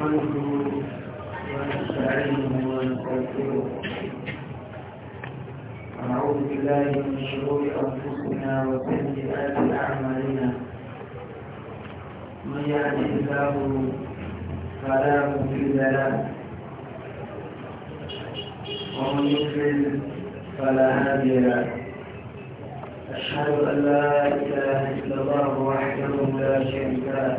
نحمده ونستعينه بالله من شرور انفسنا وسيئات اعمالنا من يهده الله فلا مضل له ومن يضلل فلا هادي له أشهد أن لا إله إلا الله وحده لا شريك له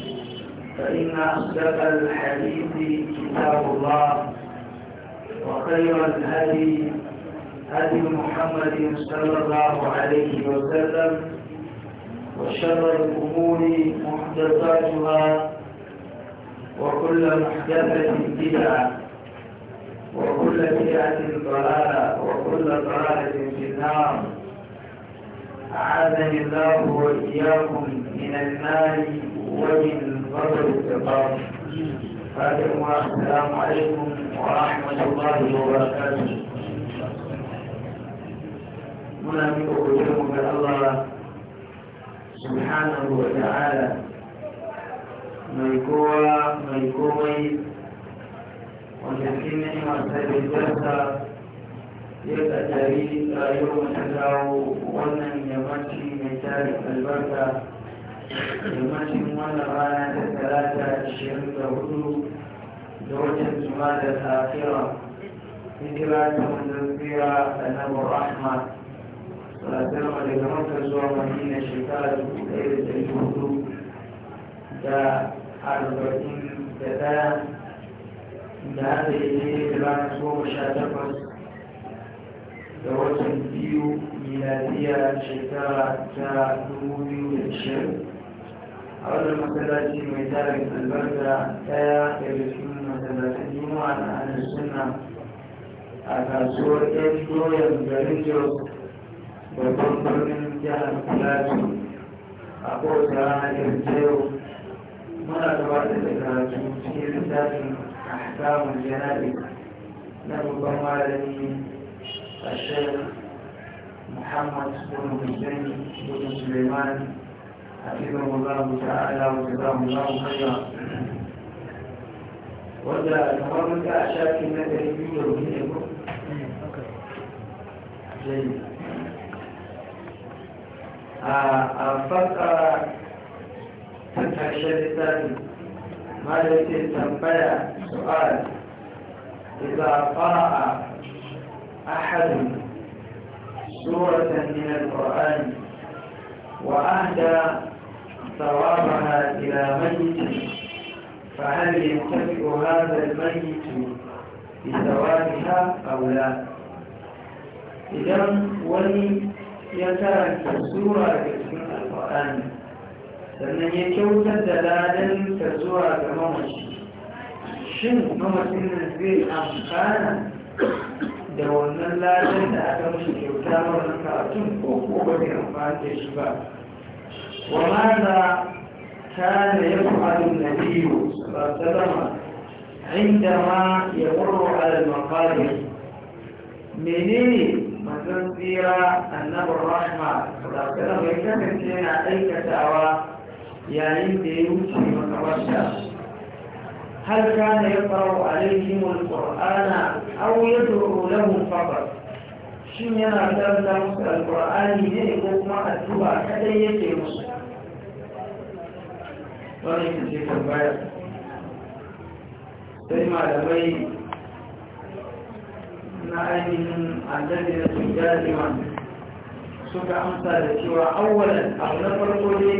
فإن أصدق الحديث كتاب الله وخير الهدي هدي محمد صلى الله عليه وسلم وشر الأمور محدثاتها وكل محدثة بدعة وكل بدعة ضلالة وكل ضلالة في النار أعاذني الله وإياكم من النار ومن ذر الاستقامة فاتم السلام عليكم ورحمة الله وبركاته muna miƙa ƙoƙarinmu ga Allah subhanahu wa ta'ala mai kowa mai komai wanda cikin ni'imar ta jirgarsa ya ƙaddari rayuwar mu ta dawo wannan yammaci mai tarin albarka yammacin wannan rana ta talata ashirin da hudu da wajen juma da tafira hijira ta manzanzira da na rahma salatarwa daga maka zuwa madina shekara dubu ɗaya da ɗari hudu da arba'in da ɗaya da haka yi da ranar goma sha takwas da watan biyu miladiya shekara ta dubu biyu da ashirin a wajen masallaci mai tarin albarka daya daga cikin masallacin juma'a na hannun suna a kasuwar yan doyar garin jos babban birnin jihar plateau a kowace rana irin ta yau muna gabatar da karatu cikin littafin ahkamun jana'i na babban malami a shek محمد بن حسين بن سليمان حفظهم الله تعالى وجزاهم الله خيرا وجاء تمرك شاكل مثل في يوميكم جيد الفقرة تنتهي الثاني ما التي تنبيع سؤال إذا قرأ أحد سورة من القرآن وأهدى صوابها إلى ميت فهل ينتفع هذا الميت بثوابها أو لا إذن ولي يترك سورة كتن القرآن sannan ya kyautar da ladansa zuwa ga mamaci shin mamacin nan zai amfana da wannan ladan da aka mashi kyauta wannan karatun ko ko ba zai da shi ba وماذا كان يفعل النبي صلى الله عليه وسلم عندما يمر على المقابر منين مثلا زيارة النبي الرحمة صلى الله عليه وسلم يكمل لنا أي كتاوى يعني بيوتي متوشى هل كان يقرأ عليهم القرآن أو يدعو لهم فقط؟ شنو أنا القرآن يجي يقول ما أتوها كذا يجي wani ita ce tambaya sai malamai na ainihin annabi na tujjar liman suka amsa da cewa awwalan abu na farko ne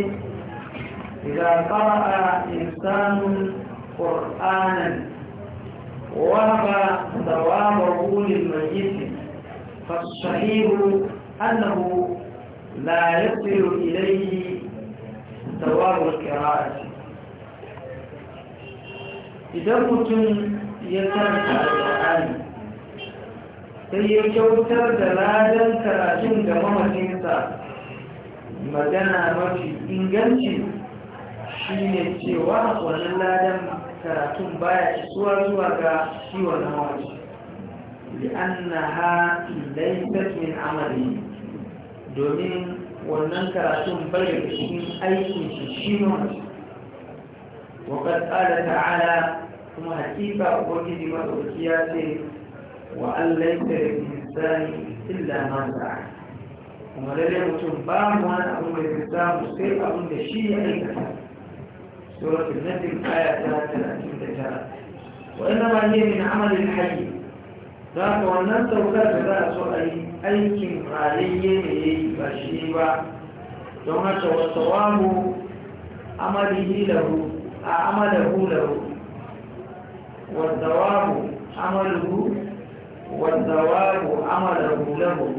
idan fara insanun ƙor'anan وهب ثوابه للميت فالصحيح أنه لا يصل إليه ثواب القراءة idan mutum ya karanta alƙur'ani sai ya kyautar da ladan karatun da mamajinsa magana mafi inganci shi ne cewa wani ladan karatun baya isuwa zuwa ga ciwon mamaci ha laysat min amali domin wannan karatun bai da cikin aikin shi shi mawaji وقد قال ta ثم حكيفة وجد مدركياته وأن ليس للإنسان إلا ما سعى kuma lalle mutum ba mu wani abu da ya sai abin da shi ya aikata suratul nadim aya ta talatin da tara wa inna ma hiya min amalil hayy za ka wannan saukar da za a so a yi aikin halayye ne ya yi ba shi ba don haka wasu wamu amalihi lahu عمله له والثواب عمله والثواب عمله له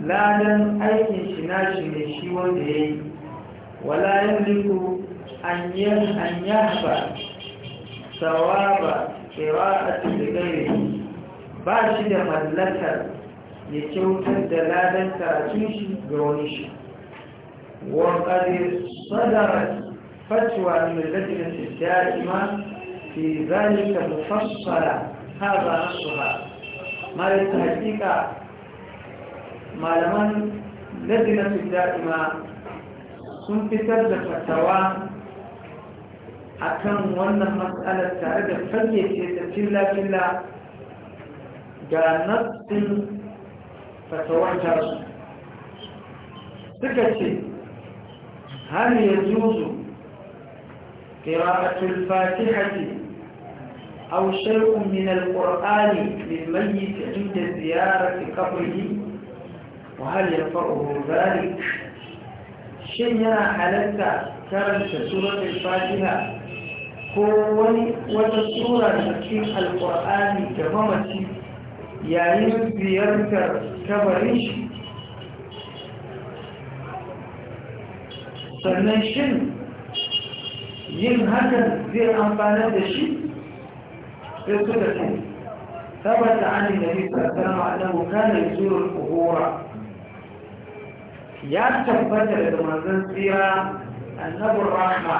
لا لن أي شناش من وده ولا يملك أن يهبى ثواب قراءة لغيره باشد shi da mallakar ya kyautar da ladan karatun فتوى من لجنة الدائمة في ذلك مفصلة هذا نصها ما للتهديك ما لمن لجنة الدائمة كنت تبدأ فتوى أكم وأن مسألة تعد الفجة لكن لا جانت فتوى جرس هل يجوز قراءة الفاتحة أو شيء من القرآن للميت عند زيارة قبره وهل يفره ذلك شينا حلتا كرمت سورة الفاتحة هو وتسورة في القرآن كمامة يعني زيارة كبريش سنشن yin hakan zai amfana da shi sai suka ce sabata an nabi sallallahu alaihi kana yuzurul qubura ya tabbata daga manzon tsira annabi rahma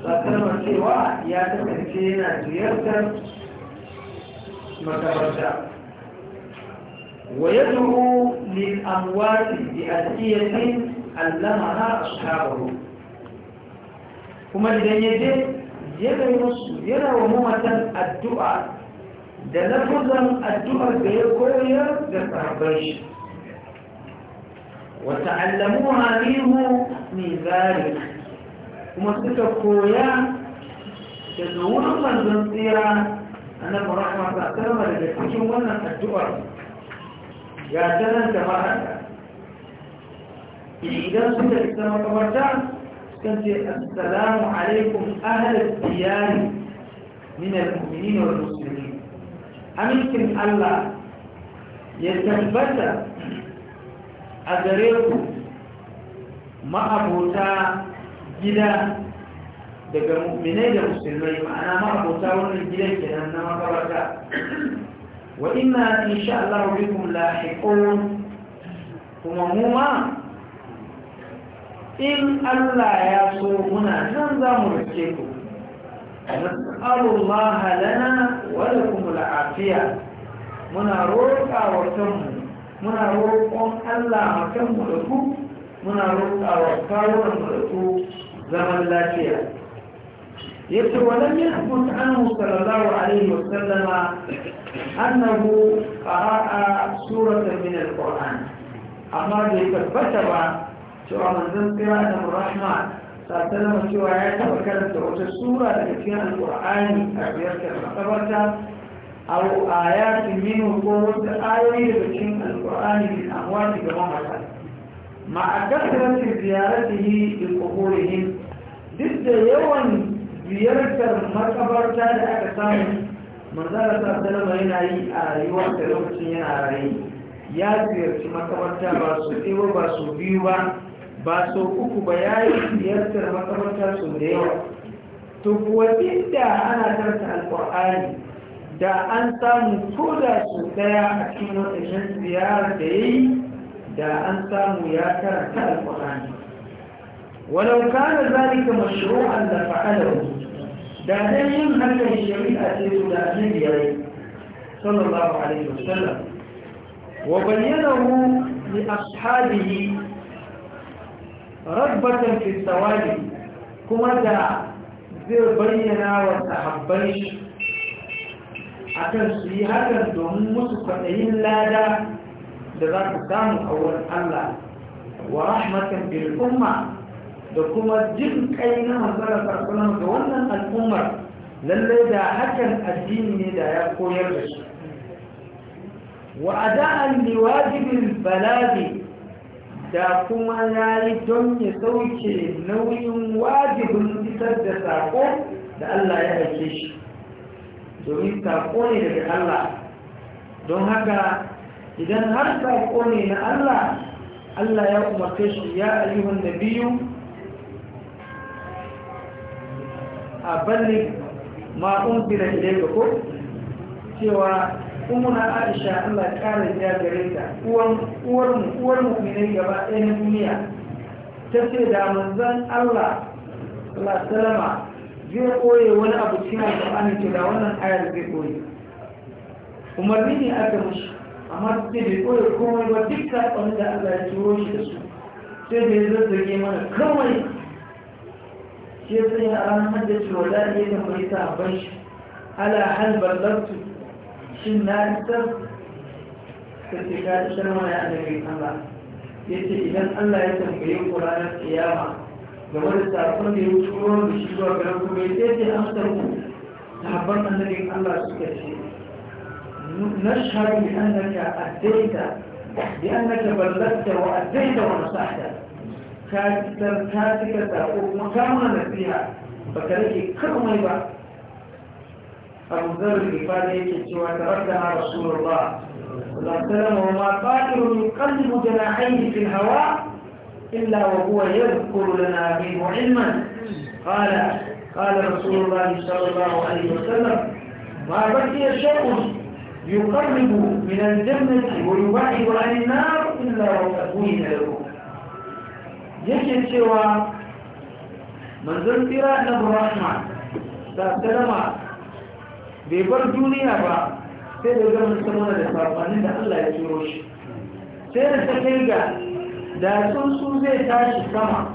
sallallahu cewa ya kasance yana ziyartar makabarta ويدعو للأموات بأدعية علمها أصحابه kuma idan ya je yana yi musu yana wa mamatan addu'a da lafazan addu'ar da ya koyar da sahabbai shi wata allamu halihu ne zari kuma suka koya daga wurin manzon tsira annabi rahama ta kalma daga cikin wannan addu'ar ya tanar da ma'ana idan suka isa makamarta كنت السلام عليكم أهل الديار من المؤمنين allah ya الله a gare ku maabota gida daga mu'minai da musulmai ma'ana abota wannan gidan kenan na makarata wa insha Allah bikum lahiqun kuma mu ma in Allah ya so muna nan za mu rike ku Allah lana wa lakum al-afiya muna roƙa wa kanmu muna roƙon Allah a kanmu da ku muna roƙa wa kawunan mu da ku zaman lafiya yace walam yathbut anhu sallallahu alaihi wa sallama annahu qara'a suratan min al-qur'an amma bai tabbata ba cewa manzon tsira da rahma sassanar cewa ya taɓa karanta wata sura daga cikin alƙur'ani a ziyartar matsabarta. abu ya yakin minu ko wasu ayoyi da cikin alƙur'ani min amwati ga mamata ma a kasarancin ziyaratihi da kuhurihin duk da yawan ziyartar makabarta da aka samu manzara sassanar yana yi a rayuwar da lokacin yana rayu ya ziyarci makabarta ba su ɗewa ba su biyu ba ba so uku ba ya yi ziyartar makamantar da yawa to ana tarta alƙur'ani da an samu ko da su ɗaya a cikin lokacin ziyarar da ya yi da an samu ya karanta alƙur'ani walau kana zalika mashru'an da fa'alahu da dan yin hankali shari'a ce to da annabi yayi sallallahu alaihi wasallam wa bayyanahu li ashabihi rabbatan fi kuma da zai bayyana wa sahabban akan su yi hakan domin musu kwaɗayin lada da za ku samu a wurin Allah wa rahmatan bil umma da kuma jin kai na hanzarar farkunan ga wannan al'ummar lallai da hakan addini ne da ya koyar da shi wa ada'an liwajibin baladi da kuma ya yi don ya sauke nauyin wajibin fitar da sako da Allah ya aike shi domin sako ne daga Allah don haka idan har sako ne na Allah Allah ya umarce shi ya wanda biyu. a balli ma'un fi da ko cewa umuna aisha allah kara ya gare ta uwar mu'minai gaba ɗaya na duniya ta ce da manzan allah salama zai koye wani abu cikin da to da wannan ayar zai koye umarni ne aka mushi amma sai bai koye komai ba duk saƙon da allah ya turo shi da su sai da ya zazzage mana kawai shi ya sanya a ranar da cewa da a iya tambayi ta a ban shi ala hal ballartu shin na isar sai ka isar mana ya annabi Allah yace idan Allah ya tambaye ku ranar kiyama game da sakon da ya turo da shi zuwa garin ku bai sai sai amsar ku sahabban annabin Allah suka ce nashhadu bi annaka addaita bi annaka ballagta wa addaita wa nasahta ka isar ka cika sako kuma ka mana nasiha baka rage karmai ba أبو ذر الغفاري سوى تردها رسول الله صلى الله عليه وسلم وما طائر يقلب جناحيه في الهواء إلا وهو يذكر لنا به علما قال قال رسول الله صلى الله عليه وسلم ما بقي شيء يقرب من الجنة ويبعد عن النار إلا وتكوين له yake سوى من ذكر na burahman da salama bai bar duniya ba sai da zama samuna da sabanin da Allah ya turo shi sai da ta ga da su zai tashi sama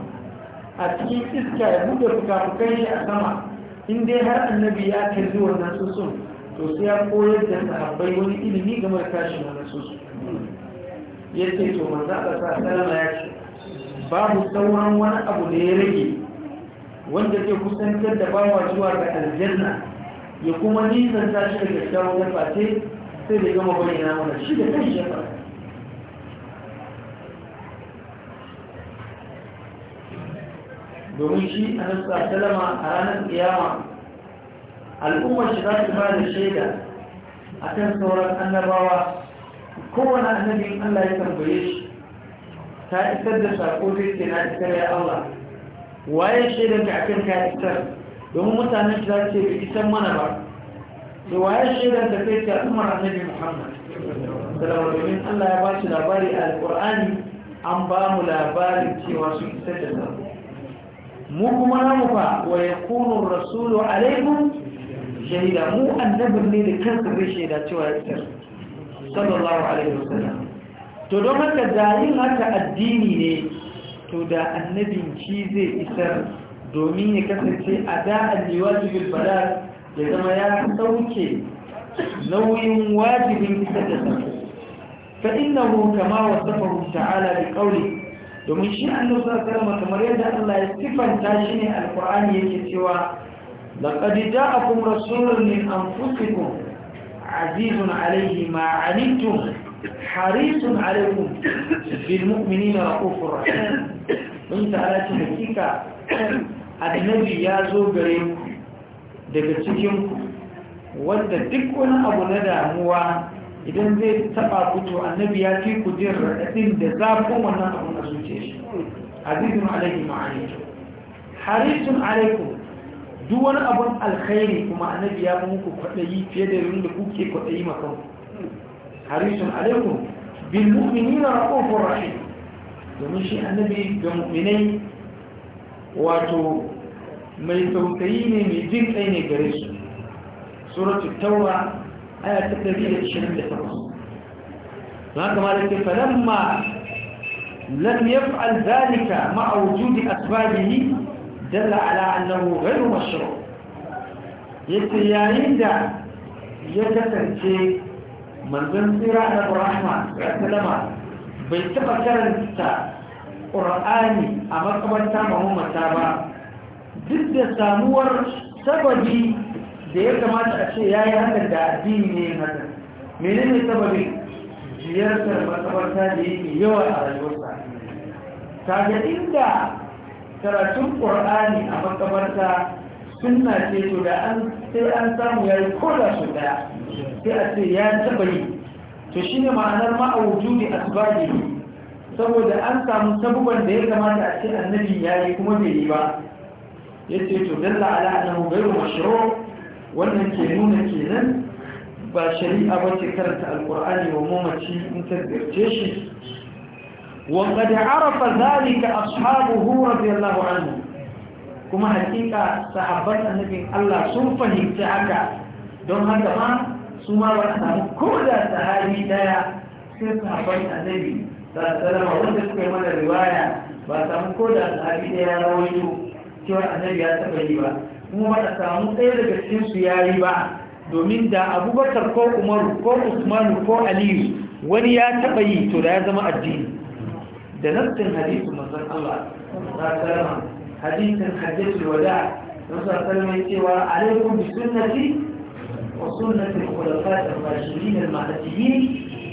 a cikin iska ya buɗe fuka-fukan shi a sama in dai har annabi ya kai zuwa na to sai ya koyar da sahabbai wani ilimi game da tashi wannan ya ce to manzo Allah sa sallama ya ce babu sauran wani abu da ya rage wanda zai kusantar da bawa zuwa ga aljanna ya kuma nisan ta shi daga kyawun ya face sai da gama bayyana mana shi da kan shi ya fara domin shi a nasa salama a ranar kiyama al'ummar shi za su ba da shaida a kan sauran annabawa kowane annabin allah ya tambaye shi ta isar da sako zai ke na isar ya allah waye shaidanka a kan ka isar domin mutanen shi za ce bai isan mana ba da waye shaidar da kai ta umar annabi muhammad salama domin allah ya ba shi labari a alƙur'ani an ba mu labarin cewa su isa da sabo mu kuma namu fa wa ya kunu rasulu alaikum shahida mu annabin ne da kansa zai shaida cewa ya isar sallallahu alaihi wasallam to don haka da yin haka addini ne to da annabin shi zai isar domin ya kasance a da'a ne wajibin bala ya zama ya sauke nauyin wajibin isar da sako fa innahu kama wasafahu ta'ala bi qawli domin shi an nusa karama kamar yadda Allah ya sifanta shi ne alqur'ani yake cewa a ja'akum rasulun min anfusikum azizun alayhi ma anittum harisun alaykum bil mu'minina ra'ufur rahim in ta'ala hakika annabi ya zo gare ku daga cikin ku wanda duk wani abu na damuwa idan zai taba fito annabi ya fi ku jin raɗaɗin da zafin wannan abu na zuciya shi azizun alaikum ma'alaikum harisun alaikum duk wani abun alkhairi kuma annabi ya fi muku kwaɗayi fiye da yin da kuke kwaɗayi makon harisun alaikum bil mu'minina raqufur rahim domin shi annabi ga mu'minai wato mai tausayi ne mai jin kai ne gare su suratul tauba aya ta 128 فلما لم يفعل ذلك مع وجود أسبابه دل على أنه غير مشروع يتيارين دا يكتن شيء من ذنبير على الرحمن سلام بيتبقى كرنسة قرآني أما قبل تامه متابع duk da samuwar sababi da ya kamata a ce ya yi hakan da addini ne hakan mene ne sababin ziyartar matsabarta da yake yawa a rayuwarsa ta ga inda karatun ƙwar'ani a makabarta suna ce to da an sai an samu ya yi koda su ɗaya, sai a ce ya taba yi to shi ne ma'anar ma'auju ne a saboda an samu sabuwan da ya kamata a ce annabi ya yi kuma bai yi ba yace to dalla ala annahu ghayru mashru' wannan ke nuna kenan ba shari'a ba ce karanta alkur'ani wa mamaci in shi wa da arafa zalika ashabuhu radiyallahu anhu kuma hakika sahabban annabin Allah sun fahimci haka don haka ma su ma ba samu ko da sahabi daya sai sahabban annabi sallallahu alaihi wanda suka yi mana riwaya ba samu ko da sahabi daya rawaito cewar annabi ya taɓa yi ba kuma ba a samu ɗaya daga cikinsu ya yi ba domin da abubakar ko umaru ko usmanu ko aliyu wani ya taɓa yi to da ya zama addini da nassin hadisu mazan allah rasalama hadisin hadisul wada su rasalama ya cewa alaikum bi sunnati wa sunnati al-khulafa'ir rashidin al-mahdiyyin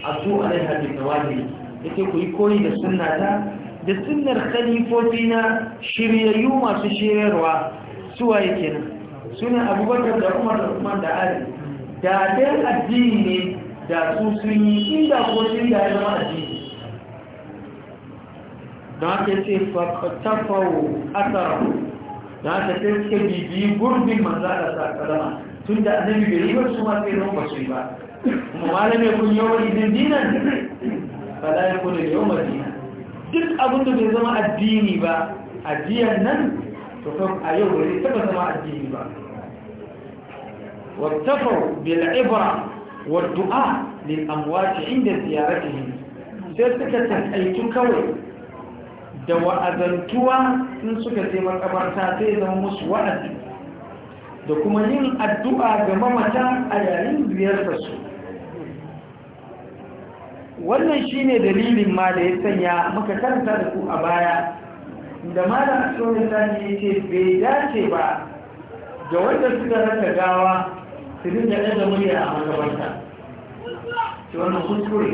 asu alaiha bi tawabi yake ku yi koyi da sunnata da sunnar khalifofi na shiryayyu masu shiryarwa suwa yake nan sunan abubakar da umar da umar da ali da dai addini ne da su sun yi inda ko sun da ya zama addini don haka ce fakatafawo asara don haka ce suka bibiyi gurbin manzana da sakalama. tun da annabi bai yi wasu ma sai zama basu ba kuma malami kun yawon idin dinan fala ya kuna yawon dinan duk abinda bai zama addini ba addiyar nan to kan a yau wani taba zama addini ba wattafau bil ibra wa du'a lil amwat inda ziyaratihim sai suka takaitu kawai da wa'azantuwa in suka je makabarta sai zama musu wa'azi da kuma yin addu'a ga mamata a yayin ziyartar su wannan shi ne dalilin ma da ya sanya maka karanta da ku a baya da malam asirin zani ya ce bai dace ba ga wanda suka raka gawa su dinga ɗaga murya a magabarta ce wannan kuskure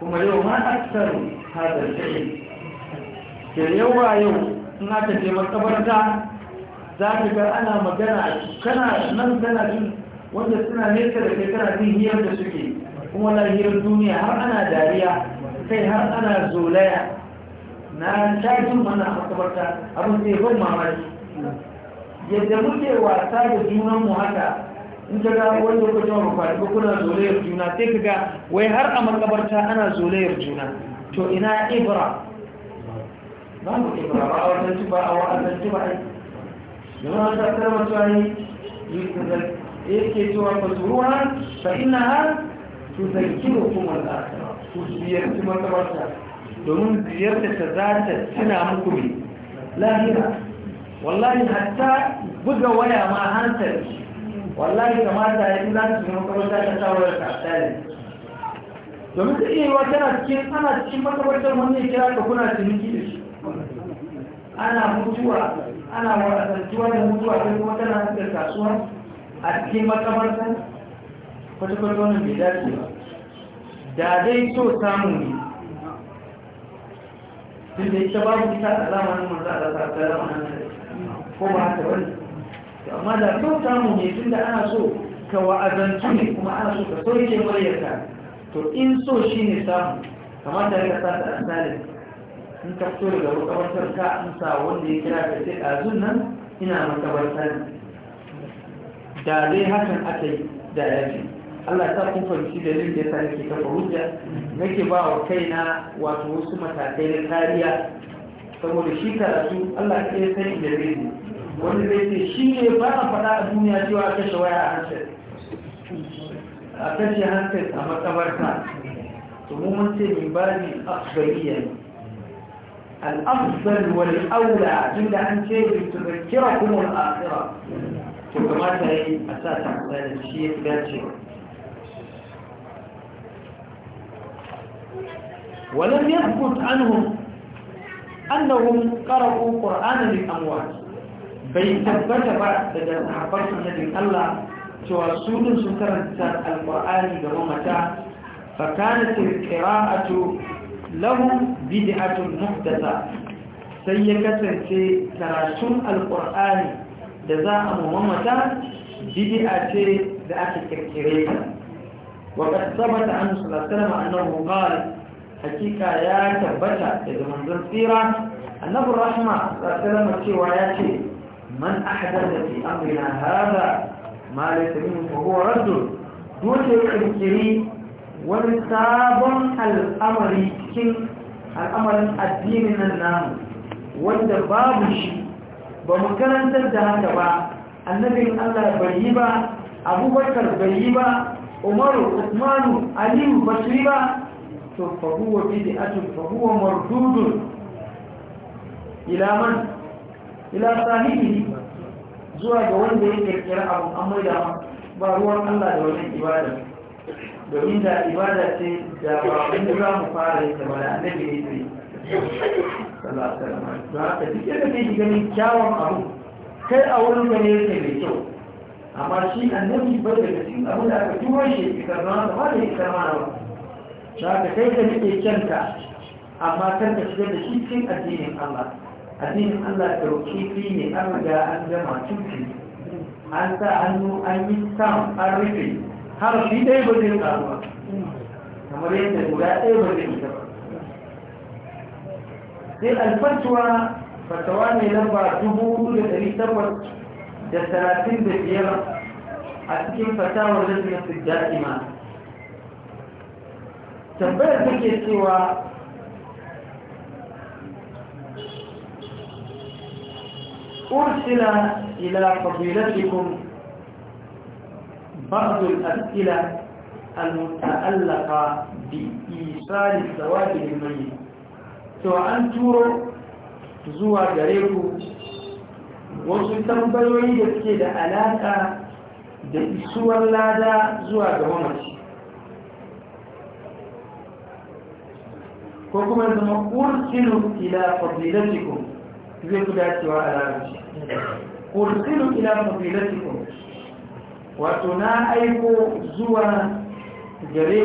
kuma yau ma aksar hadar shi ke yau ba yau in aka je makabarta za ka ga ana magana kana nan gana jin wanda suna nesa da kai kana jin hiyar da su kuma wannan duniya har ana dariya kai har ana zolaya na cajin mana a makabarta abin sai ban mamaki yadda muke wasa da mu haka in ka ga wani lokacin rufa ko kuna zolayar juna sai ka ga wai har a makabarta ana zolayar juna to ina ibra ba mu ibra ba a wannan ba a wannan ba ai yana da tarwata yi yake cewa fasuruwa fa har. su zarki hukumar da su ziyarci matsawarta domin ziyarta ta za ta tuna muku ne lahira wallahi hatta buga waya ma hantar wallahi kamata ya yi za su zama matsawarta ta shawarar ta tsari domin ta iya wata na cikin ana cikin matsawartar wani ya kira ka kuna ciniki da shi ana mutuwa ana wasantuwa da mutuwa sai kuma tana da kasuwa a cikin matsawarta kwata-kwata wannan bai dace ba da dai so samu ne tun da ita babu ita a zamanin manzo a zata ta zamanin ko ba haka wani amma da so samu ne tun da ana so ka wa'azantu ne kuma ana so ka sauri ke muryarka to in so shi ne samu kamar kamata ya kasa da asalin in ka fito daga makabartar ka an sa wanda ya kira ka ce ɗazun nan ina makabartar da dai hakan aka yi da yafi Allah ta sa kun fahimci dalilin da yasa nake kafa hujja nake ba wa kaina wato wasu matakai na kariya saboda shi karatu Allah ya kai sani da zai wani zai ce shi ne ba a faɗa a duniya cewa a kashe waya a hancin a kashe hancin a matsabarta to mu mun ce min ba ni afdaliya al-afdal wal aula tunda an ce bi tuzakkirakum al-akhirah to kamata yi a sa ta da shi ya dacewa. ولم يثبت عنهم أنهم قرأوا قرآن للأموات بيتبت بعد حفظ النبي الله ورسول سكرت القرآن برمتا فكانت القراءة لهم بدعة محدثة سيكتن في تراسل القرآن جزاء مهمتا بدعة ذات التكريم وقد ثبت عنه صلى الله عليه وسلم أنه قال hakika ya tabbata daga manzon tsira annabin rahma salama cewa ya ce man ahadar da fi amrina hada ma da tsirin kogo kirkiri wani sabon al'amari cikin al'amarin addinin nan namu wanda babu shi ba mu karantar da haka ba annabin allah bai yi ba abubakar bai yi ba umaru usmanu aliyu basu yi ba to fahuwa bid'atun fahuwa mardudun ila man ila sahibi zuwa ga wanda ya kirkira abu amma maida ba ruwan Allah da wajen ibada domin da ibada ce da ba wanda za mu fara yi ta da annabi ne sai sallallahu alaihi wasallam don haka ka yadda kake ganin kyawun abu kai a wurin ka ne yake mai kyau amma shi annabi ba daga cikin abu da aka tura shi ya karɓa da ba da ya karɓa ba za ka kai ka nike kyanta amma kan ka shigar da shi cikin addinin Allah addinin Allah da kifi ne an riga an gama tuki an sa hannu an yi sam an rufe har shi ɗaya ba zai ƙaru ba kamar yadda guda ɗaya ba zai ta ba sai alfatuwa fatawa ne lamba dubu da ɗari takwas da talatin da biyar a cikin fatawar da su ma. tambayar take cewa ursila ila kabilatikum ba'du asila al da bi isal zawaji al-mayyit to an turo zuwa gare ku wasu tambayoyi da suke da alaka da isuwar lada zuwa ga mamaci كوكو من دمو أرسلوا إلى فضيلتكم كذي قدات وعلى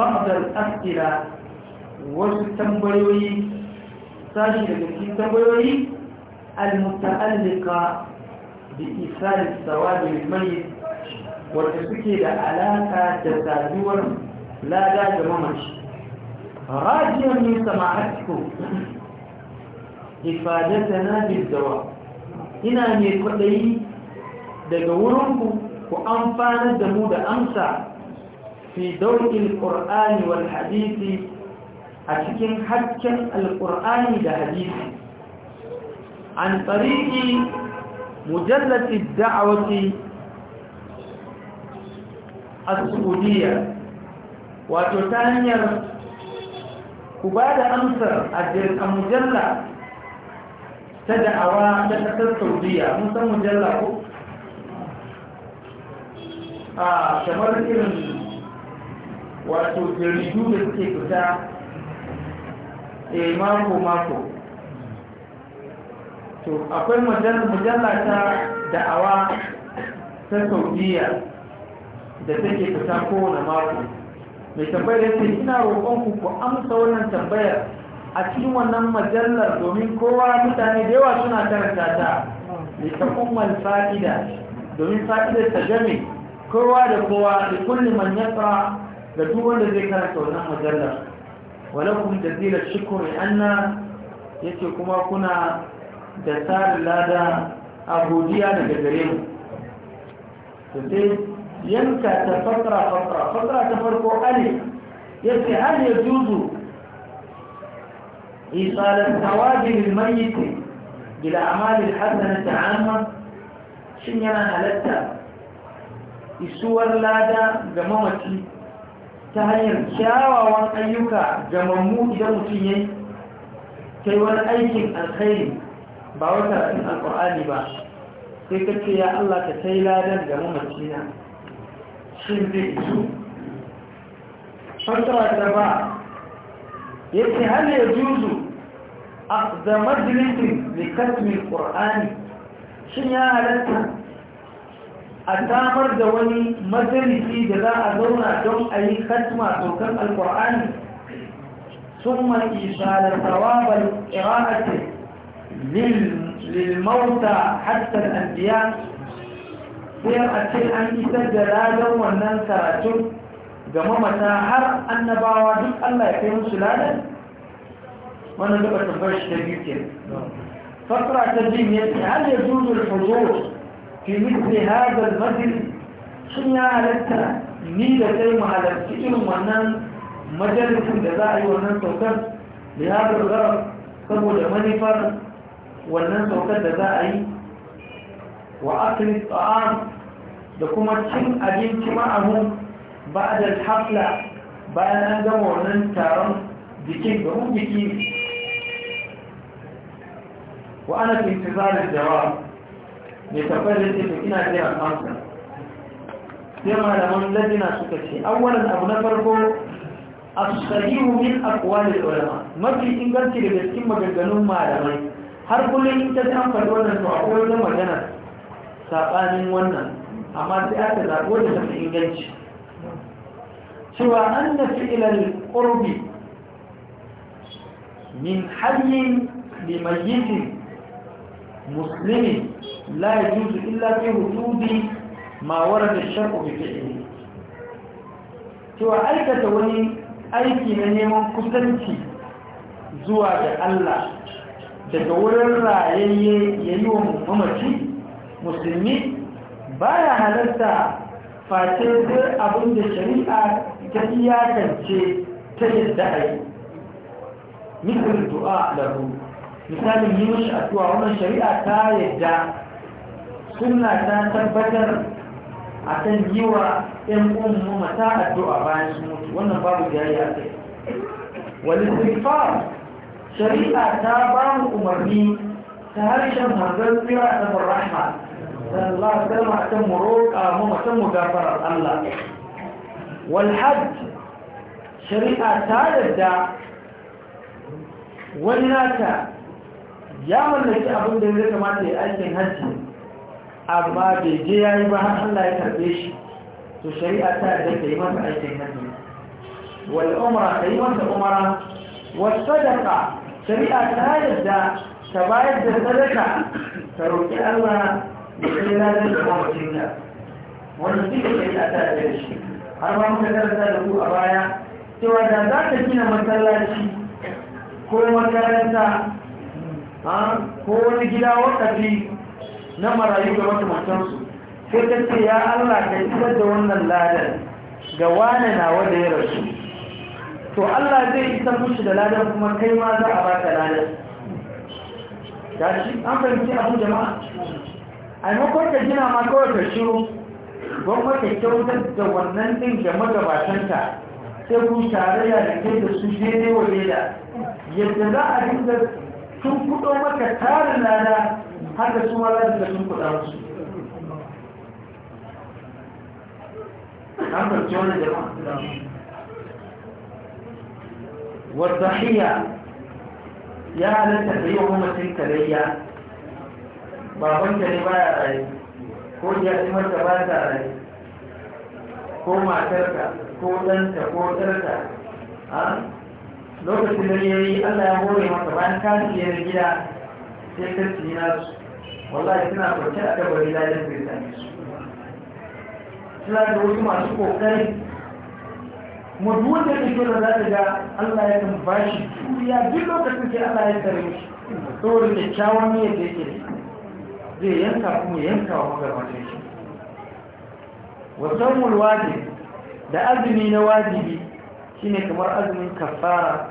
بعض الأسئلة وستنبريوي ساشي لكي تنبريوي المتألقة بإثار السواد للميت لا لا راجيا من سماعتكم إفادتنا بالدواء هنا هي قدعي دقورنكم وأنفان الدمود أمسى في دور القرآن والحديث أتكين حتى القرآن والحديث عن طريق مجلة الدعوة السعودية وتتانيه ku ba da amsar a mujalla ta da'awa ta ƙasar saudiya mun san mujalla ko a kamar irin wato jaridu da suke fita a eh, mako-mako to akwai mujalla ta da'awa ta saudiya da take fita kowane mako mai tambayar yace ina roƙon ku ku amsa wannan tambayar a cikin wannan majallar domin kowa mutane da yawa suna karanta ta mai ta umar fa'ida domin fa'idar ta game kowa da kowa da kulli man yasa da duk wanda zai karanta wannan majallar walakum jazila shukri anna yace kuma kuna da tsarin lada a godiya daga gare mu to yanka ta fatra fatra fatra ta farko alif yace hal yajuzu إيصال الثواب للميت بالأعمال الحسنة عامة shin yana halatta isuwar lada ga mamaci ta hanyar kyawawan ayyuka ga mammu idan mutum ya yi kai wani aikin alkhairi ba wata rasin alkur'ani ba sai ka ce ya Allah ka sai ladar ga mamaci na فترة سبعة يبقى هل يجوز أخذ مجلس لكتم القرآن شن يا ألتا أتامر دواني مجلس جزاء دون أدوم أي ختم توكم القرآن ثم إيشال ثواب القراءة للموتى حتى الأنبياء sai a ce an isar da ragar wannan karatun ga mamata har annabawa duk Allah ya kai musu lada? wannan duka tambayar shi da biyu ke fasara ta jin ya ce har ya zuzu huzur fi misli hadal majlis shin ya halatta ni da kai mu halarci irin wannan majalisin da za a yi wannan saukar da ya saboda manufar wannan saukar da za a yi wa akin tsa'am da kuma cin abinci ma'amun ba a da hafla bayan an gama wannan taron jikin da mun jiki wa ana fi tsarin jawa mai tafai da teku ina jiran amsa sai malaman lalina suka ce awwalan abu na farko a tsariru min akwalin ulama mafi inganci da gaskin maganganun malamai har kullum ita ta amfani wannan to akwai wajen magana. saɓanin wannan amma sai aka zaɓi wanda ta fi inganci cewa an na fi'ilar ƙorbi min hanyar limayyitin musulmi la ya illa fi hududi ma warar da shakku bi fi'ili cewa aikata wani aiki na neman kusanci zuwa ga Allah daga wurin rayayye ya yi wa mamaci musulmi baya halarta face duk abin da shari'a ta iyakance ta yadda a yi misal du'a lahu misalin yi mashi addu'a wannan shari'a ta yadda suna ta tabbatar a kan yi wa ‘yan umu mata addu'a bayan su mutu wannan babu da yayi a kai wani sifar shari'a ta ba mu umarni ta harshen hanzar tsira ta rahma sallallahu alaihi wasallam akan mu roƙa mu mutum mu gafarar Allah wal shari'a ta yarda wani nata ya mallaki abin da ya kamata ya aikin hajji amma bai je ya yi ba har Allah ya karbe shi to shari'a ta yarda ka yi masa aikin hajji wal yi shari'a ta bayar da sadaka ka roƙi Allah sai na zai da kuma shirya wanda suke da ya ta da shi har ma muka karanta da ku a baya cewa da za ka gina masallaci ko makaranta ko wani gida fi na marayu ga makamantansu sai ta ce ya Allah ka isar da wannan ladar ga wane na wanda ya rasu to Allah zai isa mushi da ladar kuma kai ma za a baka ladar shi an fahimci abu jama'a a makon ta gina ma kawai ta shiru gwamnati kyautar da wannan ɗin da magabatanta sai ku tarayya da kai da su daidai wa daida yadda za a dinga tun kuɗo maka tarin lada haka su ma za su ga tun kuɗa wasu an farce wani jama'a wadda hiya ya halatta da yi wa mamacin tarayya baban ne baya raye ko jami'ar ta ba ta raye ko matarka ko ɗanta ko a lokacin da yayi allah ya hore maka bayan ka siyar gida sai ka siya su wallahi suna kwanci a kabari lalin birtaniya su suna da wasu masu kokari mutu wanda ke da za ta ga allah ya kan bashi juriya duk lokacin sai allah ya tsare shi saboda kyakkyawan niyyar yake da zai yanka kuma yanka wa magabacin shi wasan mulwaji da azumi na wajibi shine kamar azumin kafara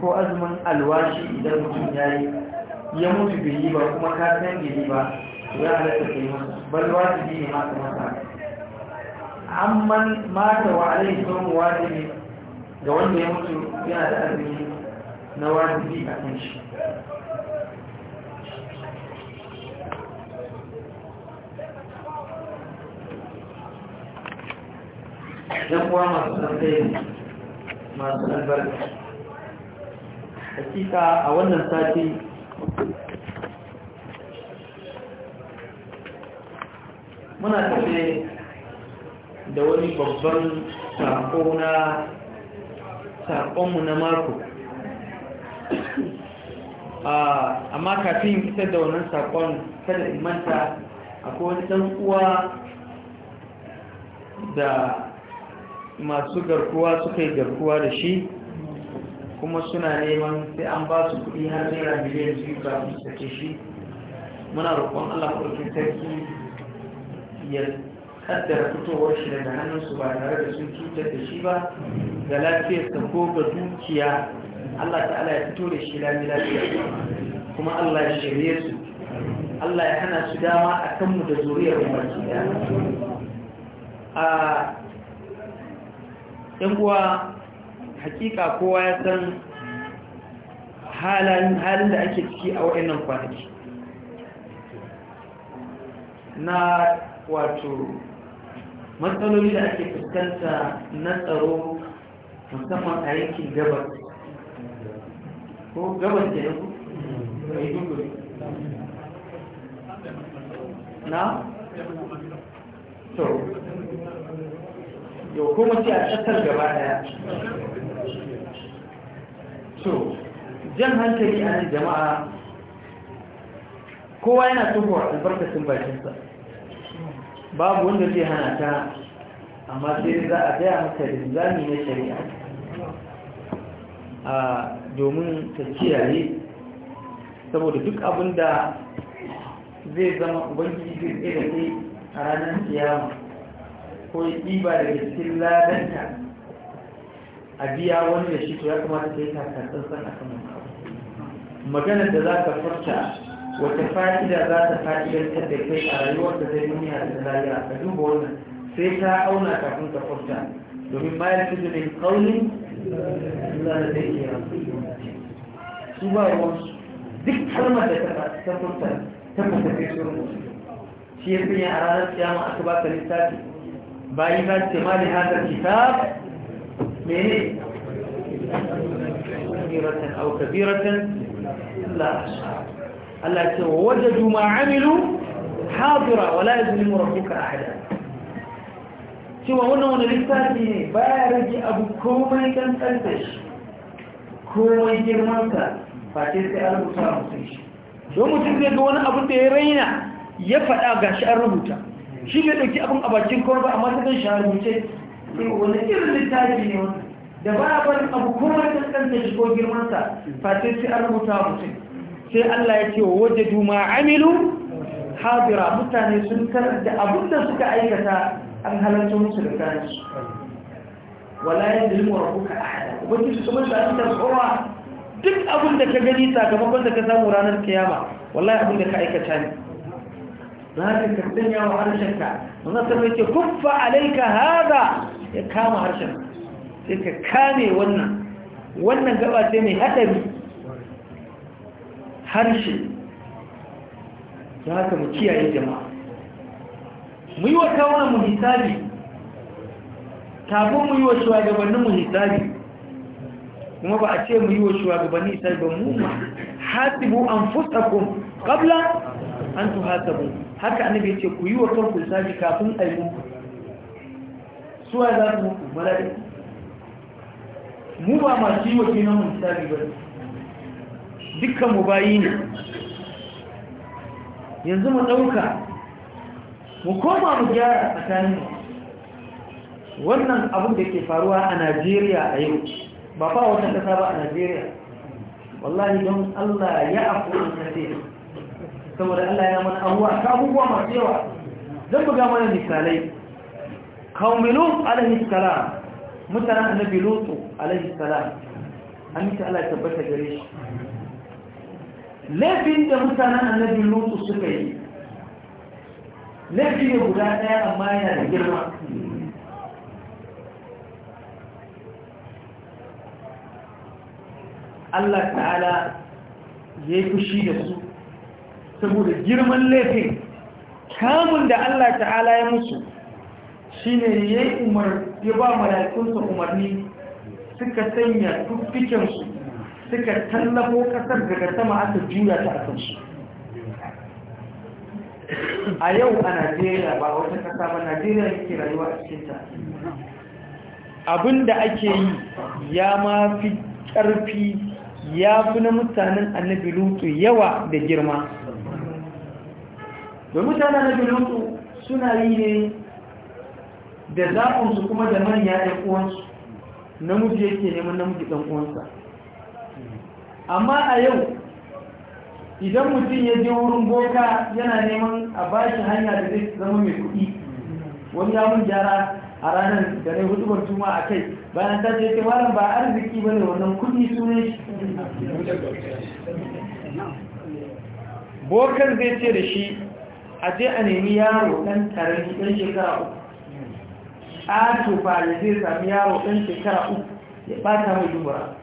ko azumin alwashi idan mutum ya yi ya mutu bai ba kuma ka san ba ya halatta kai musu bal wajibi ne mata mata amman mata wa alai sun wajibi ga wanda ya mutu yana da azumi na wajibi a kan shi yan uwa masu tsaye masu albarka hakika a wannan sati muna tafe da wani babban na sakonmu na mako amma kafin fitar da wannan sakon kada imanta akwai wani ɗan uwa da masu garkuwa suka yi garkuwa da shi kuma suna neman sai an ba su kudi har naira miliyan biyu ga su sake shi muna roƙon allah ɗauki sarki ya kaddara fitowar shi daga hannunsu ba tare da sun cutar da shi ba ga sa ko ga dukiya allah ta'ala ya fito da shi lami lafiya kuma allah ya shirye su allah ya hana su dama a kanmu da zuriyar umarci a yan uwa hakika kowa ya san halin da ake ciki a waɗannan kwanaki na wato matsaloli da ake fuskanta na tsaro musamman a yankin gabar ko gabar da yanku na? to yau kuma ce a ƙasar gaba daya so jan hankali a ne jama'a kowa yana tuhuwa albarkacin bakinsa babu wanda zai hana ta amma sai za a gaya maka da na shari'a a domin ta kiyaye saboda duk abinda zai zama ubangiji zai tsaye ke a ranar siyama ko yi ɗiba daga cikin ladanta a biya wani da shi to ya kamata ta yi san a kan maganar da za ka furta wata fa'ida za ta ta da kai a rayuwar da zai duniya da ta lafiya ka duba wannan sai ta auna kafin ka furta domin ma ya fito ne kaunin ta zai iya su ba ruwansu duk kalmar da ta furta ta furta kai su rubutu shi ya fi a ranar kiyama aka ba ka littafi bayi za su ma da hada kitab mene kabiratan au kabiratan la Allah ce wa wajadu ma amilu hadira wa la yuzlimu a ahada cewa wannan wani littafi ne baya rage abu komai kan tsarkar shi komai girmanka face sai an rubuta mutum shi don mutum zai ga wani abu da ya raina ya faɗa gashi an rubuta shi ne ɗauki abin a bakin kawai ba amma ta kan shahararce wani irin littafi ne wani da ba a barin abu kuma ta kanta shigo girmansa fatin sai an rubuta mutum sai Allah ya ce waje duma amilu hadira mutane sun karar da abin da suka aikata an halarci musu da su. wala ya dalmu rabbuka ahada ubangiji kuma da an duk abin da ka gani sakamakon da ka samu ranar kiyama wallahi abin da ka aikata ne ذلك الدنيا وحرشك الله سبحانه يقول كف عليك هذا ya kama harshen sai ka kame wannan wannan gaba ce mai haɗari harshe za haka mu kiyaye jama'a mu yi wa kawunan mu hisabi tabon mu yi wa shugabannin mu hisabi kuma ba a ce mu yi wa shugabannin hisabi ba mu hasibu an fusakun ƙabla an hasabu haka annabi yace ku yi wa kanku saji kafin a yi muku suwa za ku muku mu ba masu yi wa kenan mun saji ba dukkan mu bayi ne yanzu mu ɗauka mu koma mu gyara tsakanin wannan abun da ke faruwa a najeriya a yau ba fa wata ƙasa ba a najeriya wallahi don allah ya afuwa na saboda Allah ya mana abuwa ta abubuwa masu yawa zan buga mana misalai kawmilu alaihi salam mutanen annabi lutu alaihi salam an yi Allah tabbata gare shi laifin da mutanen annabi lutu suka yi laifin ne guda ɗaya amma yana da girma Allah ta'ala ya yi fushi da su saboda girman laifin kamun da Allah ta'ala ya musu shi ne ya yi umar ba malakunsa umarni suka sanya tuffikinsu suka tallafo kasar daga sama aka juya ta akansu a yau a najeriya ba wata kasa ba najeriya ke rayuwa a cikinta abinda ake yi ya ma fi ƙarfi ya fi na mutanen annabi lutu yawa da girma da mutanen na mutu suna yi ne da zaɓinsu kuma da manya ɗan uwansu namiji yake neman namiji ɗan uwansa amma a yau idan mutum ya je wurin boka yana neman a ba hanya da zai zama mai kuɗi wani yawon gyara a ranar da na hudubar tuma a kai bayan ta ce ta wani ba arziki ba ne wannan kuɗi sunan shi bokan zai ce da shi a je a nemi yaro ɗan ɗan shekara uku a tufa da zai sami yaro ɗan shekara uku ya ɓata mai dubura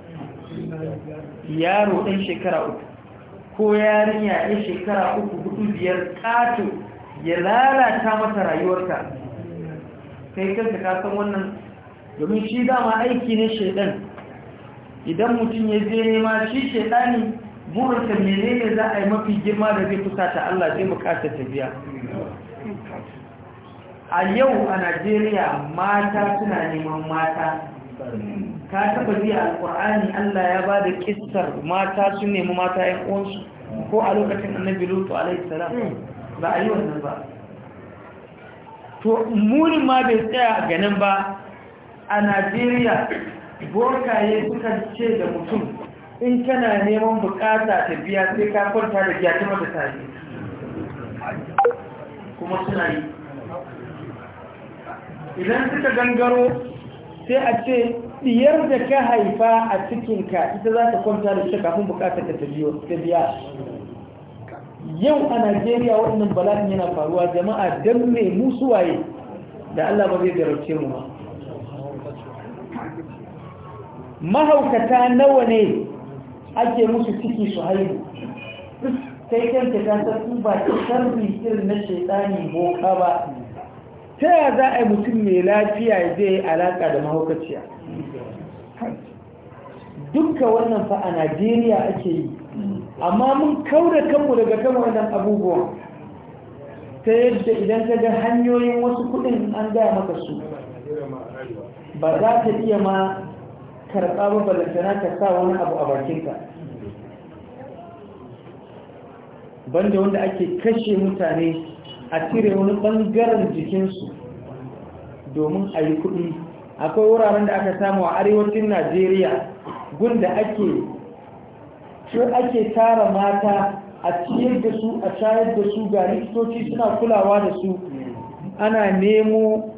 yaro ɗan shekara uku ko yarinya ɗan shekara uku hudu biyar ƙato ya lalata mata rayuwarka kai kanta kasan wannan domin shi dama aiki ne shaidan idan mutum ya je nema shi shaidani burinsa menene za a yi mafi girma da zai kusa ta Allah zai bukata tafiya a yau a najeriya mata suna neman mata ka taba ji alkur'ani Allah ya ba da kistar mata su nemi mata yan uwansu ko a lokacin annabi lutu alaihi salam ba a yi wannan ba to muni ma bai tsaya ganin ba a najeriya ya suka ce da mutum in kana neman bukata ta biya sai ka kwanta da giya kuma da tare kuma suna yi idan suka gangaro sai a ce diyar da ka haifa a cikinka ita za ta kwanta da shi kafin bukatar ta biya yau a najeriya wannan bala'in yana faruwa jama'a don ne musuwaye da allah ba zai jarabce mu ba mahaukata nawa ne ake musu ciki su haihu kai kanta ta san ba ta sharri irin na shaitani boka ba ta yaya za a yi mutum mai lafiya zai yi alaka da mahaukaciya Duka wannan fa a najeriya ake yi amma mun kaura kanmu daga kan wannan abubuwan ta yadda idan ta ga hanyoyin wasu kudin an gaya maka su ba za ta iya ma karɓa ba ballantana na sa wani abu a bakinka banda wanda ake kashe mutane a cire wani ɓangaren jikinsu domin a yi kuɗi akwai wuraren da aka samu a arewacin najeriya gunda ake ce ake tara mata a ciyar da su a shayar da su ga likitoci suna kulawa da su ana nemo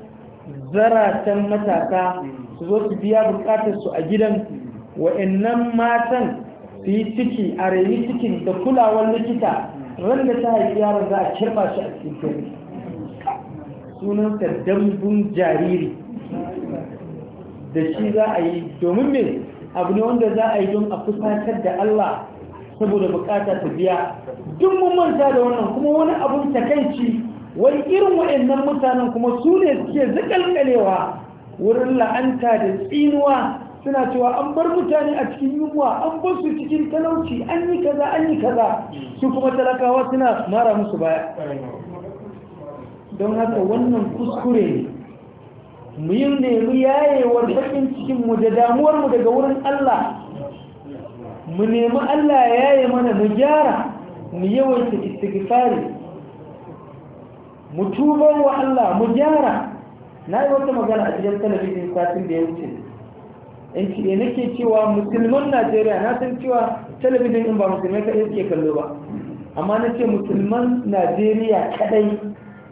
zaratan matasa su zo su biya bukatar su a gidan wa'annan matan su yi ciki a rayu cikin da kulawar likita ran da ta haifi yaron za a kirba shi a cikin ta dambun jariri da shi za a yi domin me abu ne wanda za a yi don a fusatar da Allah saboda bukata ta biya duk mun manta da wannan kuma wani abun takaici wani irin wa'annan mutanen kuma su ne suke zikalkalewa wurin la'anta da tsinuwa suna cewa an bar mutane a cikin yunwa an bar su cikin talauci an yi kaza an yi kaza su kuma talakawa suna mara musu baya don haka wannan kuskure ne mu yi nemi yayewar bakin cikinmu da damuwarmu daga wurin Allah mu nemi Allah ya yaye mana mu gyara mu yawaita istighfari mu tubar wa Allah mu gyara na yi wata magana a cikin talabijin satin da ya wuce in ne eh, nake cewa musulman najeriya na san cewa talabijin in ba musulmai kaɗai suke kallo ba amma na ce musulman najeriya kaɗai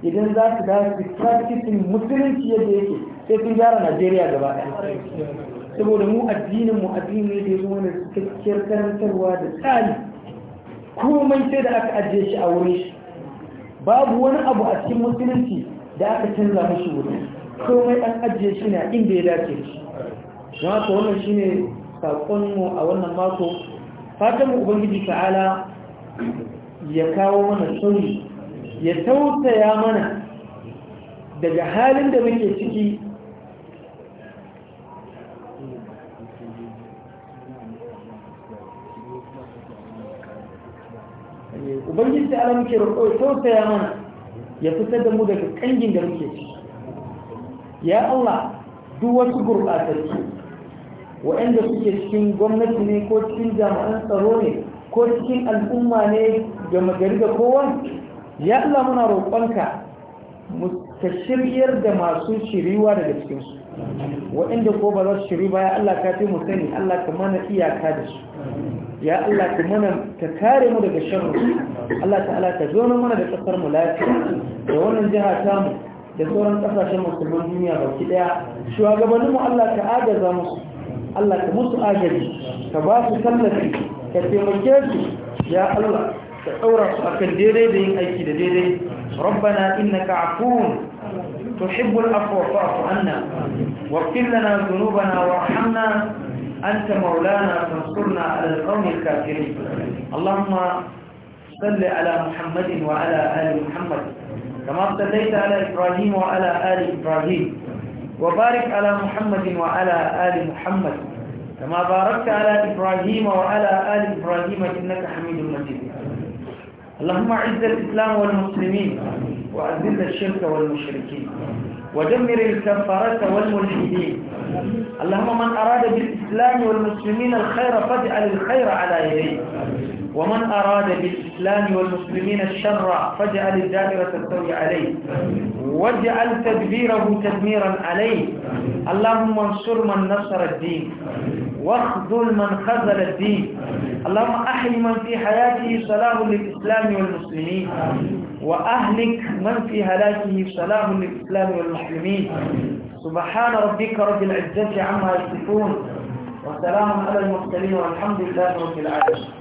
idan za su da su musulunci yadda yake sai sun gyara najeriya gaba ɗaya saboda mu addinin mu addini ne da ya zo mana cikakkiyar karantarwa da tsari komai sai da aka ajiye shi a wuri shi babu wani abu a cikin musulunci da aka canza mashi wuri. komai an ajiye shi ne a inda ya dace shi don haka wannan shi ne saƙonmu a wannan mako fatanmu ubangiji ta'ala ya kawo mana sauri ya tausaya mana daga halin da muke ciki ubangiji ta'ala muke roƙo ya tausaya mana ya fitar da mu daga ƙangin da muke ciki ya Allah duk wasu gurɓatattu waɗanda suke cikin gwamnati ne ko cikin jami'an tsaro ne ko cikin al'umma ne ga magari ga kowa ya Allah muna roƙonka mu ka shiryar da masu shiriwa daga cikinsu waɗanda ko ba za su shiri ba ya Allah ka fi mu sani Allah ka mana iyaka da su ya Allah ka mana ka kare mu daga sharri Allah ta'ala ka zo mana da kasar mu lafiya da wannan jiha ta mu da sauran kasashen musulman duniya bauki daya shugabanninmu Allah ta agaza musu Allah ta mutu agaji ta ba su tallafi ta taimake ya Allah su a kan da yin aiki da daidai rabbana innaka afuwun tuhibbul afwa fa afu anna wa kullana dhunubana wa rahamna anta maulana fansurna ala al-qawmi al-kafirin allahumma salli ala muhammadin wa ala ali muhammadin كما ابتديت على إبراهيم وعلى آل إبراهيم وبارك على محمد وعلى آل محمد كما باركت على إبراهيم وعلى آل إبراهيم إنك حميد مجيد اللهم أعز الإسلام والمسلمين وأذل الشرك والمشركين ودمر الكفارة والملحدين اللهم من أراد بالإسلام والمسلمين الخير فاجعل الخير على يديه ومن أراد بالإسلام والمسلمين الشر فاجعل الدائرة تستوي عليه واجعل تدبيره تدميرا عليه اللهم انصر من نصر الدين واخذل من خذل الدين اللهم أحي من في حياته صلاه للإسلام والمسلمين وأهلك من في هلاكه صلاه للإسلام والمسلمين سبحان ربك رب العزة عما يصفون وسلام على المرسلين والحمد لله رب العالمين